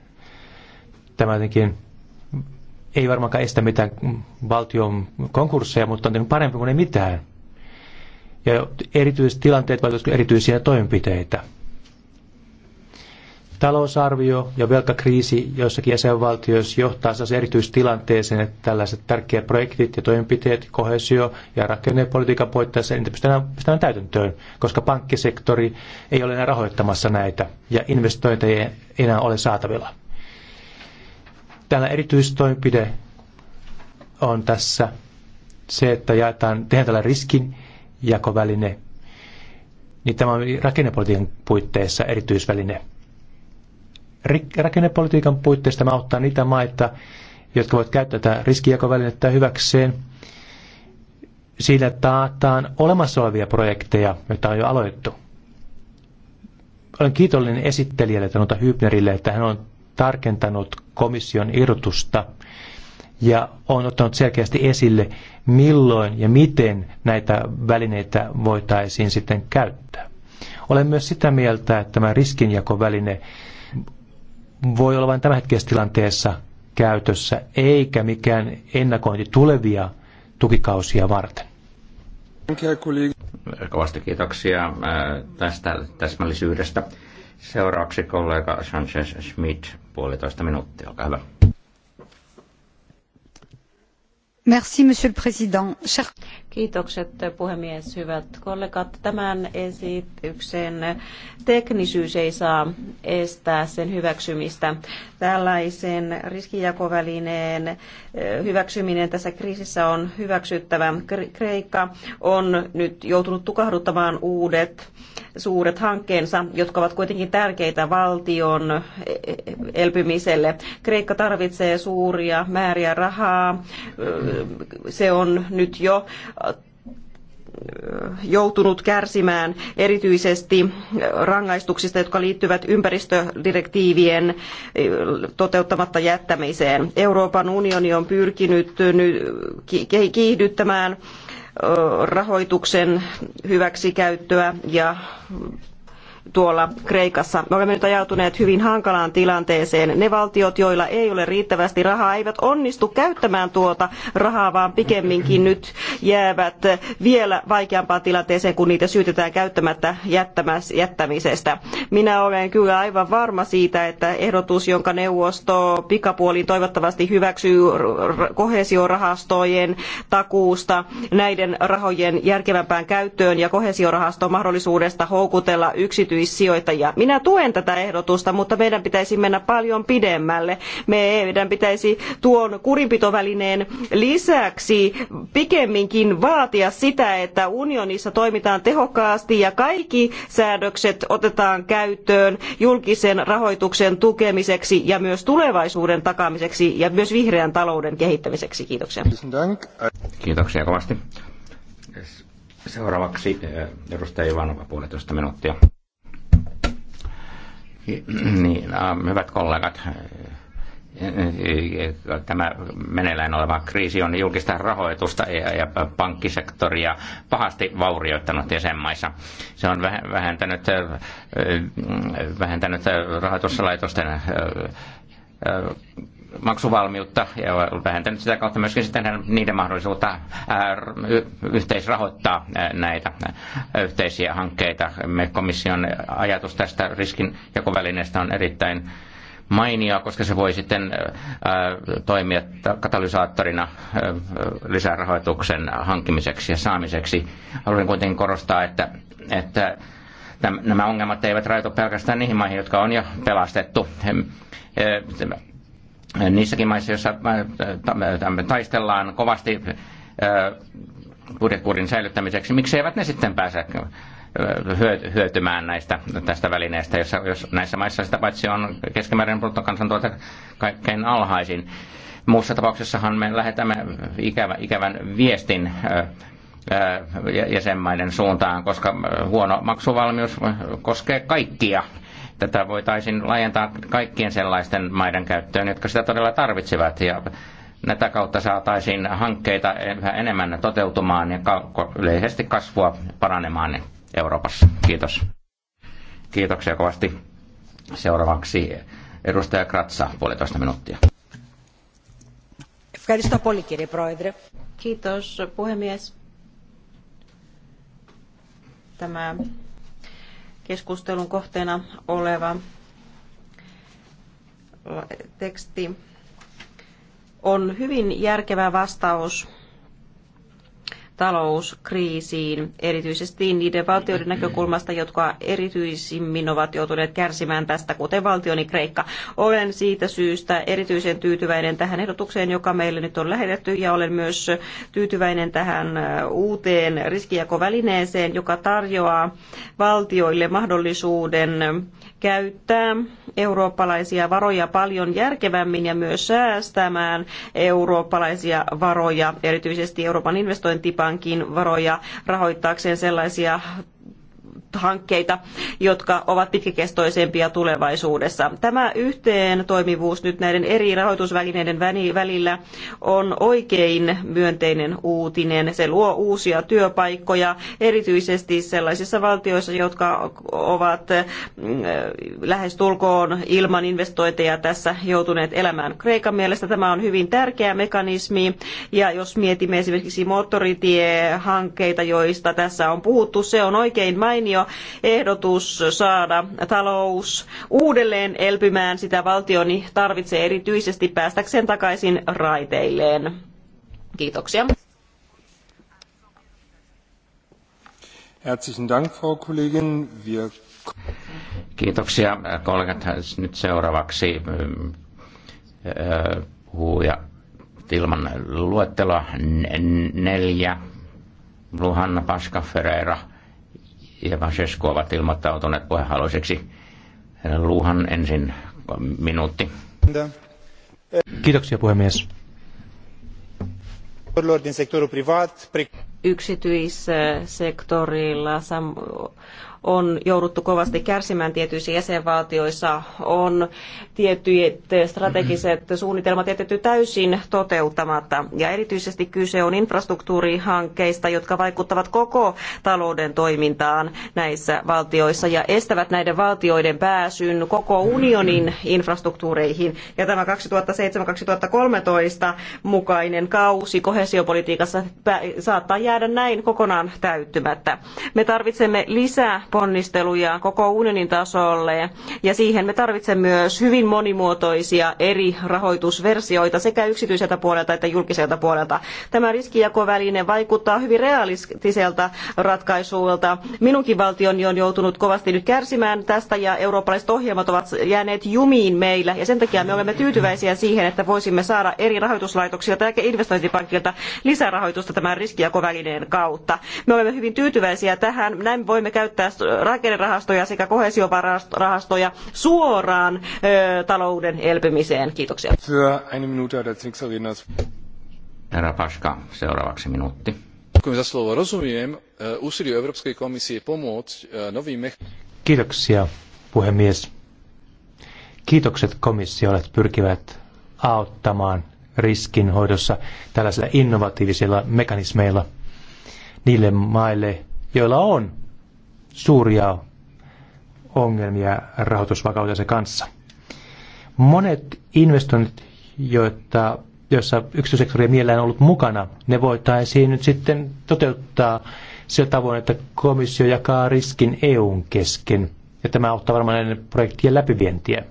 tämä jotenkin ei varmaankaan estä mitään valtion konkursseja, mutta on parempi kuin ei mitään. Ja erityiset tilanteet vaativat erityisiä toimenpiteitä. Talousarvio ja velkakriisi joissakin jäsenvaltioissa johtaa sellaisen erityistilanteeseen, että tällaiset tärkeät projektit ja toimenpiteet, kohesio ja rakennepolitiikan puitteissa, niitä pystytään, pystytään täytäntöön, koska pankkisektori ei ole enää rahoittamassa näitä ja investointeja ei enää ole saatavilla. Tällä erityistoimenpide on tässä se, että jaetaan, tehdään tällä jakoväline, niin tämä on rakennepolitiikan puitteissa erityisväline – rakennepolitiikan puitteissa tämä auttaa niitä maita, jotka voivat käyttää tätä riskijakovälinettä hyväkseen. Sillä taataan olemassa olevia projekteja, joita on jo aloitettu. Olen kiitollinen esittelijälle Tanuta Hybnerille, että hän on tarkentanut komission irrotusta ja on ottanut selkeästi esille, milloin ja miten näitä välineitä voitaisiin sitten käyttää. Olen myös sitä mieltä, että tämä riskinjakoväline voi olla vain tämänhetkisessä tilanteessa käytössä, eikä mikään ennakointi tulevia tukikausia varten. Kovasti kiitoksia äh, tästä täsmällisyydestä. Seuraavaksi kollega Sanchez Schmidt, puolitoista minuuttia, olkaa hyvä. Merci, monsieur le président. Kiitokset puhemies, hyvät kollegat. Tämän esityksen teknisyys ei saa estää sen hyväksymistä. Tällaisen riskijakovälineen eh, hyväksyminen tässä kriisissä on hyväksyttävä. Kreikka on nyt joutunut tukahduttamaan uudet suuret hankkeensa, jotka ovat kuitenkin tärkeitä valtion elpymiselle. Kreikka tarvitsee suuria määriä rahaa. Se on nyt jo joutunut kärsimään erityisesti rangaistuksista, jotka liittyvät ympäristödirektiivien toteuttamatta jättämiseen. Euroopan unioni on pyrkinyt kiihdyttämään rahoituksen hyväksikäyttöä ja tuolla Kreikassa. Me olemme nyt ajautuneet hyvin hankalaan tilanteeseen. Ne valtiot, joilla ei ole riittävästi rahaa, eivät onnistu käyttämään tuota rahaa, vaan pikemminkin nyt jäävät vielä vaikeampaan tilanteeseen, kun niitä syytetään käyttämättä jättämisestä. Minä olen kyllä aivan varma siitä, että ehdotus, jonka neuvosto pikapuoliin toivottavasti hyväksyy kohesiorahastojen takuusta näiden rahojen järkevämpään käyttöön ja mahdollisuudesta houkutella yksityisiä yksityissijoittajia. Minä tuen tätä ehdotusta, mutta meidän pitäisi mennä paljon pidemmälle. Meidän pitäisi tuon kurinpitovälineen lisäksi pikemminkin vaatia sitä, että unionissa toimitaan tehokkaasti ja kaikki säädökset otetaan käyttöön julkisen rahoituksen tukemiseksi ja myös tulevaisuuden takaamiseksi ja myös vihreän talouden kehittämiseksi. Kiitoksia. Kiitoksia kovasti. Seuraavaksi eh, edustaja Ivanova puolitoista minuuttia. Niin, niin ähm, hyvät kollegat, äh, äh, tämä meneillään oleva kriisi on julkista rahoitusta ja, ja pankkisektoria pahasti vaurioittanut jäsenmaissa. Se on vähentänyt, äh, vähentänyt rahoituslaitosten maksuvalmiutta ja vähentänyt sitä kautta myöskin sitten niiden mahdollisuutta yhteisrahoittaa näitä yhteisiä hankkeita. Me komission ajatus tästä jakovälineestä on erittäin mainio, koska se voi sitten toimia katalysaattorina lisärahoituksen hankkimiseksi ja saamiseksi. Haluan kuitenkin korostaa, että, että nämä ongelmat eivät rajoitu pelkästään niihin maihin, jotka on jo pelastettu Niissäkin maissa, joissa äh, äh, taistellaan kovasti äh, budjettikurin säilyttämiseksi, miksi eivät ne sitten pääse hyötymään näistä, tästä välineestä, jos näissä maissa sitä paitsi on keskimääräinen bruttokansantuote kaikkein alhaisin. Muussa tapauksessahan me lähetämme ikävä, ikävän viestin jäsenmaiden suuntaan, koska huono maksuvalmius koskee kaikkia Tätä voitaisiin laajentaa kaikkien sellaisten maiden käyttöön, jotka sitä todella tarvitsevat. Ja näitä kautta saataisiin hankkeita vähän enemmän toteutumaan ja yleisesti kasvua paranemaan Euroopassa. Kiitos. Kiitoksia kovasti. Seuraavaksi edustaja Kratsa, puolitoista minuuttia. Kiitos puhemies. Tämä keskustelun kohteena oleva teksti on hyvin järkevä vastaus talouskriisiin, erityisesti niiden valtioiden näkökulmasta, jotka erityisimmin ovat joutuneet kärsimään tästä, kuten valtioni Kreikka. Olen siitä syystä erityisen tyytyväinen tähän ehdotukseen, joka meille nyt on lähetetty, ja olen myös tyytyväinen tähän uuteen riskijakovälineeseen, joka tarjoaa valtioille mahdollisuuden käyttää eurooppalaisia varoja paljon järkevämmin ja myös säästämään eurooppalaisia varoja, erityisesti Euroopan investointipa pankin varoja rahoittaakseen sellaisia hankkeita, jotka ovat pitkäkestoisempia tulevaisuudessa. Tämä yhteen toimivuus nyt näiden eri rahoitusvälineiden välillä on oikein myönteinen uutinen. Se luo uusia työpaikkoja, erityisesti sellaisissa valtioissa, jotka ovat mm, lähestulkoon ilman investointeja tässä joutuneet elämään. Kreikan mielestä tämä on hyvin tärkeä mekanismi, ja jos mietimme esimerkiksi moottoritiehankkeita, joista tässä on puhuttu, se on oikein mainio ehdotus saada talous uudelleen elpymään. Sitä valtioni tarvitsee erityisesti päästäkseen takaisin raiteilleen. Kiitoksia. Herzlichen Dank, Frau Kollegin. Wir Kiitoksia kollegat. Nyt seuraavaksi äh, puhuja ilman luetteloa neljä. Luhanna Paska Ferreira ja Vasesko ovat ilmoittautuneet puhehaluisiksi. Luuhan ensin minuutti. Kiitoksia puhemies. Yksityissektorilla on jouduttu kovasti kärsimään tietyissä jäsenvaltioissa, on tietyt strategiset suunnitelmat jätetty täysin toteuttamatta. Ja erityisesti kyse on infrastruktuurihankkeista, jotka vaikuttavat koko talouden toimintaan näissä valtioissa ja estävät näiden valtioiden pääsyn koko unionin infrastruktuureihin. Ja tämä 2007-2013 mukainen kausi kohesiopolitiikassa saattaa jäädä näin kokonaan täyttymättä. Me tarvitsemme lisää ponnistelujaan koko unionin tasolle. Ja siihen me tarvitsemme myös hyvin monimuotoisia eri rahoitusversioita sekä yksityiseltä puolelta että julkiselta puolelta. Tämä riskijakoväline vaikuttaa hyvin realistiselta ratkaisulta. Minunkin valtioni on joutunut kovasti nyt kärsimään tästä ja eurooppalaiset ohjelmat ovat jääneet jumiin meillä ja sen takia me olemme tyytyväisiä siihen, että voisimme saada eri rahoituslaitoksilta ja investointipankilta lisärahoitusta tämän riskijakovälineen kautta. Me olemme hyvin tyytyväisiä tähän. Näin voimme käyttää rakennerahastoja sekä kohesiorahastoja suoraan talouden elpymiseen. Kiitoksia. Herra Paška, seuraavaksi minuutti. Rozumiem e, úsiliu Európskej komisie pomôcť e, novým Kiitoksia, puhemies. Kiitokset komissiolle, että pyrkivät auttamaan riskinhoidossa tällaisilla innovatiivisilla mekanismeilla niille maille, joilla on suuria ongelmia rahoitusvakautensa kanssa. Monet investoinnit, joita, joissa yksityissektori mielellään on ollut mukana, ne voitaisiin nyt sitten toteuttaa sillä tavoin, että komissio jakaa riskin EUn kesken. Ja tämä auttaa varmaan näiden projektien läpivientiä.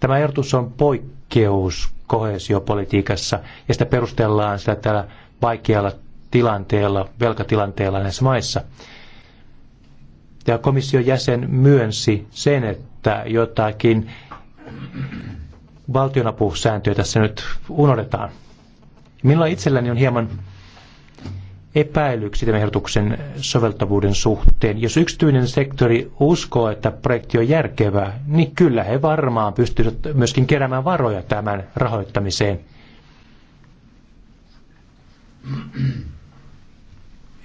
Tämä ehdotus on poikkeus kohesiopolitiikassa ja sitä perustellaan sillä täällä vaikealla tilanteella, velkatilanteella näissä maissa. Ja komission jäsen myönsi sen, että jotakin valtionapusääntöjä tässä nyt unohdetaan. Minulla itselläni on hieman epäilyksi tämän ehdotuksen soveltavuuden suhteen. Jos yksityinen sektori uskoo, että projekti on järkevää, niin kyllä he varmaan pystyvät myöskin keräämään varoja tämän rahoittamiseen.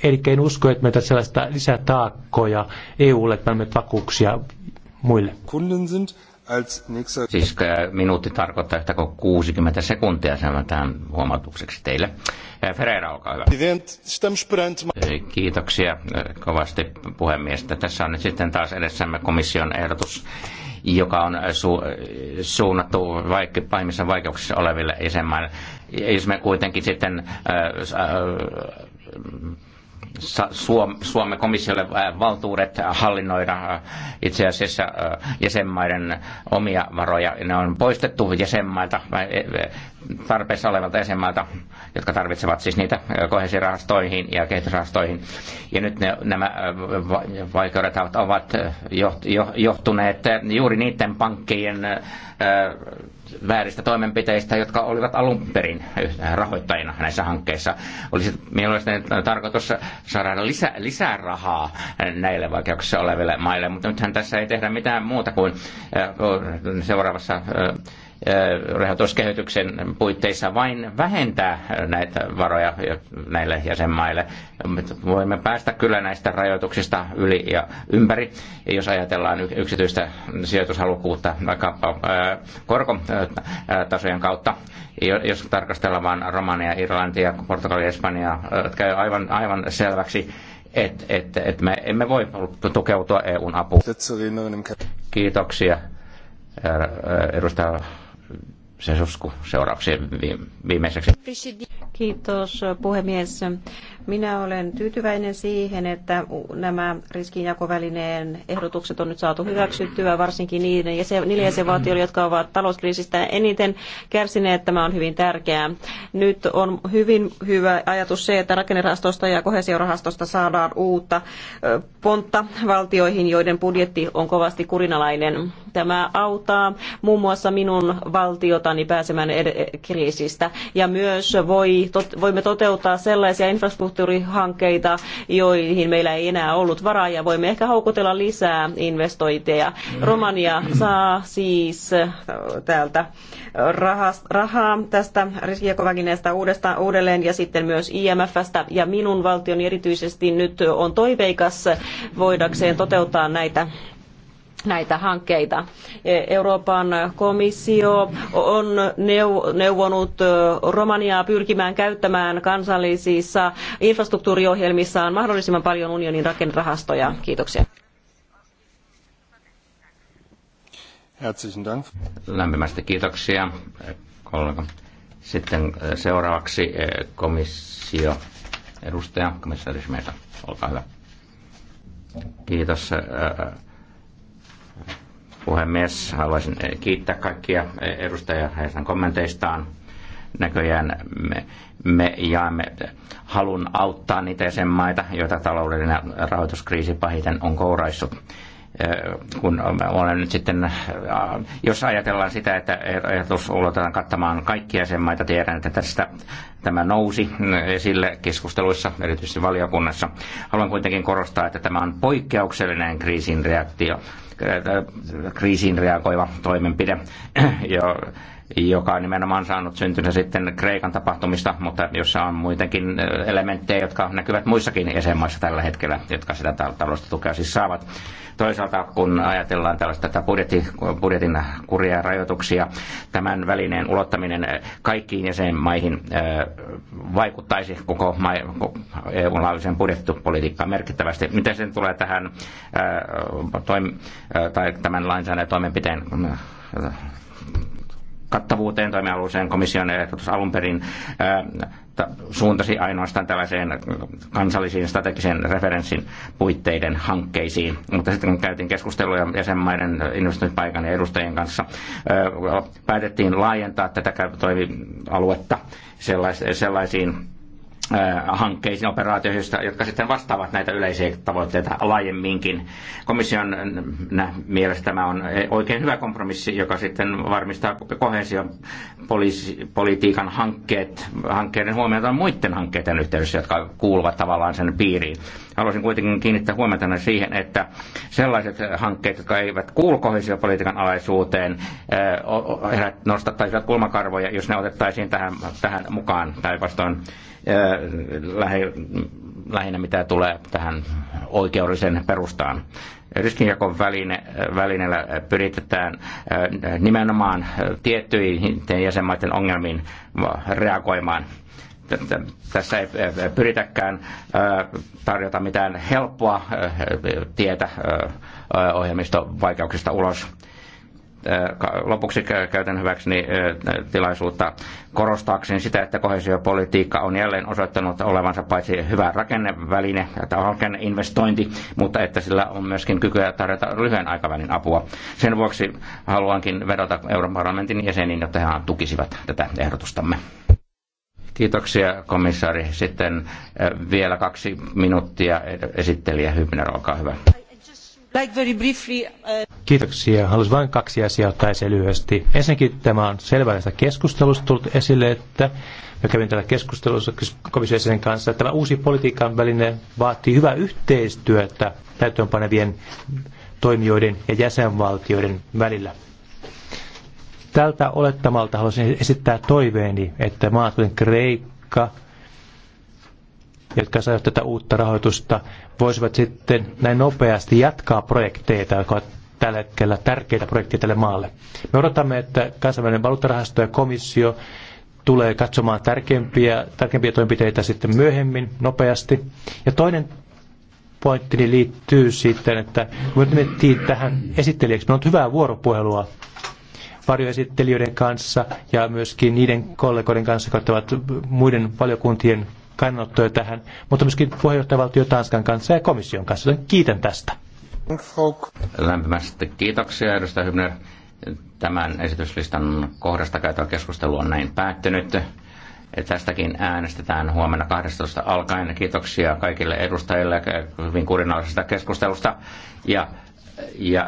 Eli en usko, että meitä sellaista lisää taakkoja EUlle, että me vakuuksia muille. Siis äh, minuutti tarkoittaa, että 60 sekuntia sanon tämän huomautukseksi teille. Äh, Ferreira, olkaa hyvä. Kiitoksia äh, kovasti puhemies. Tässä on nyt sitten taas edessämme komission ehdotus joka on su- suunnattu vaike- pahimmissa vaikeuksissa oleville jäsenmaille. Jos siis me kuitenkin sitten äh, äh, Suomen komissiolle äh, valtuudet hallinnoida äh, itse asiassa äh, jäsenmaiden omia varoja. Ne on poistettu jäsenmailta e, e, tarpeessa olevalta jäsenmaalta, jotka tarvitsevat siis niitä kohesirahastoihin ja kehitysrahastoihin. Ja nyt ne, nämä vaikeudet ovat johtuneet juuri niiden pankkien vääristä toimenpiteistä, jotka olivat alun perin rahoittajina näissä hankkeissa. Olisi mielestäni tarkoitus saada lisä, lisää rahaa näille vaikeuksissa oleville maille, mutta nythän tässä ei tehdä mitään muuta kuin seuraavassa rahoituskehityksen puitteissa vain vähentää näitä varoja näille jäsenmaille. Voimme päästä kyllä näistä rajoituksista yli ja ympäri, jos ajatellaan yksityistä sijoitushalukkuutta vaikka korkotasojen kautta. Jos tarkastellaan vain Romania, Irlantia, Portugalia, Espanjaa, käy aivan, aivan selväksi, että et, et me emme voi tukeutua EUn apuun. Kiitoksia edustaja sen seuraavaksi viimeiseksi. Kiitos puhemies. Minä olen tyytyväinen siihen, että nämä riskinjakovälineen ehdotukset on nyt saatu hyväksyttyä, varsinkin niiden jäsen, niille jäsenvaltioille, jotka ovat talouskriisistä eniten kärsineet. Tämä on hyvin tärkeää. Nyt on hyvin hyvä ajatus se, että rakennerahastosta ja kohesiorahastosta saadaan uutta pontta valtioihin, joiden budjetti on kovasti kurinalainen Tämä auttaa muun muassa minun valtiotani pääsemään kriisistä ja myös voi, tot, voimme toteuttaa sellaisia infrastruktuurihankkeita, joihin meillä ei enää ollut varaa ja voimme ehkä houkutella lisää investointeja. Romania saa siis äh, täältä rahaa tästä riskijakovälineestä uudesta, uudelleen ja sitten myös IMFstä ja minun valtioni erityisesti nyt on toiveikas voidakseen toteuttaa näitä näitä hankkeita. E, Euroopan komissio on neuvonut Romaniaa pyrkimään käyttämään kansallisissa infrastruktuuriohjelmissaan mahdollisimman paljon unionin rakennerahastoja. Kiitoksia. Lämpimästi kiitoksia, kollega. Sitten seuraavaksi komissio edustaja, komissaari Schmeta, olkaa hyvä. Kiitos puhemies. Haluaisin eh, kiittää kaikkia eh, edustajia heidän kommenteistaan. Näköjään me, me jaamme halun auttaa niitä jäsenmaita, joita taloudellinen rahoituskriisi pahiten on kouraissut eh, kun olen nyt sitten, jos ajatellaan sitä, että ajatus ulotetaan kattamaan kaikkia jäsenmaita, tiedän, että tästä tämä nousi esille keskusteluissa, erityisesti valiokunnassa. Haluan kuitenkin korostaa, että tämä on poikkeuksellinen kriisin reaktio kriisiin reagoiva toimenpide, joka on nimenomaan saanut syntynä sitten Kreikan tapahtumista, mutta jossa on muitakin elementtejä, jotka näkyvät muissakin jäsenmaissa tällä hetkellä, jotka sitä taloudellista tukea siis saavat. Toisaalta kun ajatellaan tällaista tätä budjetti, budjetin kuria rajoituksia, tämän välineen ulottaminen eh, kaikkiin jäsenmaihin eh, vaikuttaisi koko EUn laajuisen budjettipolitiikkaan merkittävästi. Miten sen tulee tähän eh, toim, tai tämän toimenpiteen mm, kattavuuteen toimialueeseen komission ehdotus alun perin suuntasi ainoastaan tällaiseen kansallisiin strategisen referenssin puitteiden hankkeisiin. Mutta sitten kun käytiin keskusteluja jäsenmaiden investointipaikan ja edustajien kanssa, päätettiin laajentaa tätä toimialuetta sellaisiin hankkeisiin, operaatioihin, jotka sitten vastaavat näitä yleisiä tavoitteita laajemminkin. Komission mm, mielestä tämä on e, oikein hyvä kompromissi, joka sitten varmistaa kohesion politiikan hankkeet, hankkeiden huomiota muiden hankkeiden yhteydessä, jotka kuuluvat tavallaan sen piiriin. Haluaisin kuitenkin kiinnittää huomiota siihen, että sellaiset hankkeet, jotka eivät kuulu kohesiopolitiikan alaisuuteen, nostattaisivat kulmakarvoja, jos ne otettaisiin tähän, tähän mukaan tai vastoin lähinnä mitä tulee tähän oikeudelliseen perustaan. Riskinjakon väline, välineellä pyritetään nimenomaan tiettyihin jäsenmaiden ongelmiin reagoimaan tässä ei pyritäkään tarjota mitään helppoa tietä ohjelmistovaikeuksista ulos lopuksi käytän hyväkseni niin, tilaisuutta korostaakseni sitä, että kohesiopolitiikka on jälleen osoittanut olevansa paitsi hyvä rakenneväline tai investointi, mutta että sillä on myöskin kykyä tarjota lyhyen aikavälin apua. Sen vuoksi haluankin vedota Euroopan parlamentin jäseniin, jotta he tukisivat tätä ehdotustamme. Kiitoksia komissaari. Sitten vielä kaksi minuuttia esittelijä Hybner, olkaa hyvä. Uh, Kiitoksia. Haluaisin vain kaksi asiaa ottaa esille lyhyesti. Ensinnäkin tämä on selvä tästä keskustelusta tullut esille, että me kävin tällä keskustelussa komission kanssa, että tämä uusi politiikan väline vaatii hyvää yhteistyötä täyttöönpanevien toimijoiden ja jäsenvaltioiden välillä. Tältä olettamalta haluaisin esittää toiveeni, että maat kuten Kreikka, jotka saivat tätä uutta rahoitusta, voisivat sitten näin nopeasti jatkaa projekteita, jotka ovat tällä hetkellä tärkeitä projekteja tälle maalle. Me odotamme, että kansainvälinen valuuttarahasto ja komissio tulee katsomaan tärkeimpiä, tärkeimpiä toimenpiteitä sitten myöhemmin nopeasti. Ja toinen pointtini liittyy sitten, että kun nimettiin tähän esittelijäksi, meillä on hyvää vuoropuhelua varjoesittelijöiden kanssa ja myöskin niiden kollegoiden kanssa, jotka ovat muiden valiokuntien kannanottoja tähän, mutta myöskin puheenjohtajavaltio Tanskan kanssa ja komission kanssa. Joten kiitän tästä. Lämpimästi kiitoksia, edustaja Hybner. Tämän esityslistan kohdasta käytävä keskustelu on näin päättynyt. Tästäkin äänestetään huomenna 12 alkaen. Kiitoksia kaikille edustajille hyvin kurinalaisesta keskustelusta. Ja ja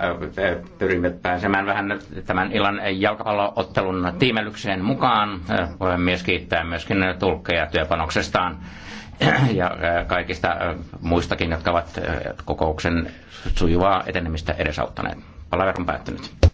pyrimme pääsemään vähän tämän illan jalkapalloottelun tiimelykseen mukaan. myös kiittää myöskin tulkkeja työpanoksestaan ja kaikista muistakin, jotka ovat kokouksen sujuvaa etenemistä edesauttaneet. Palaveri päättynyt.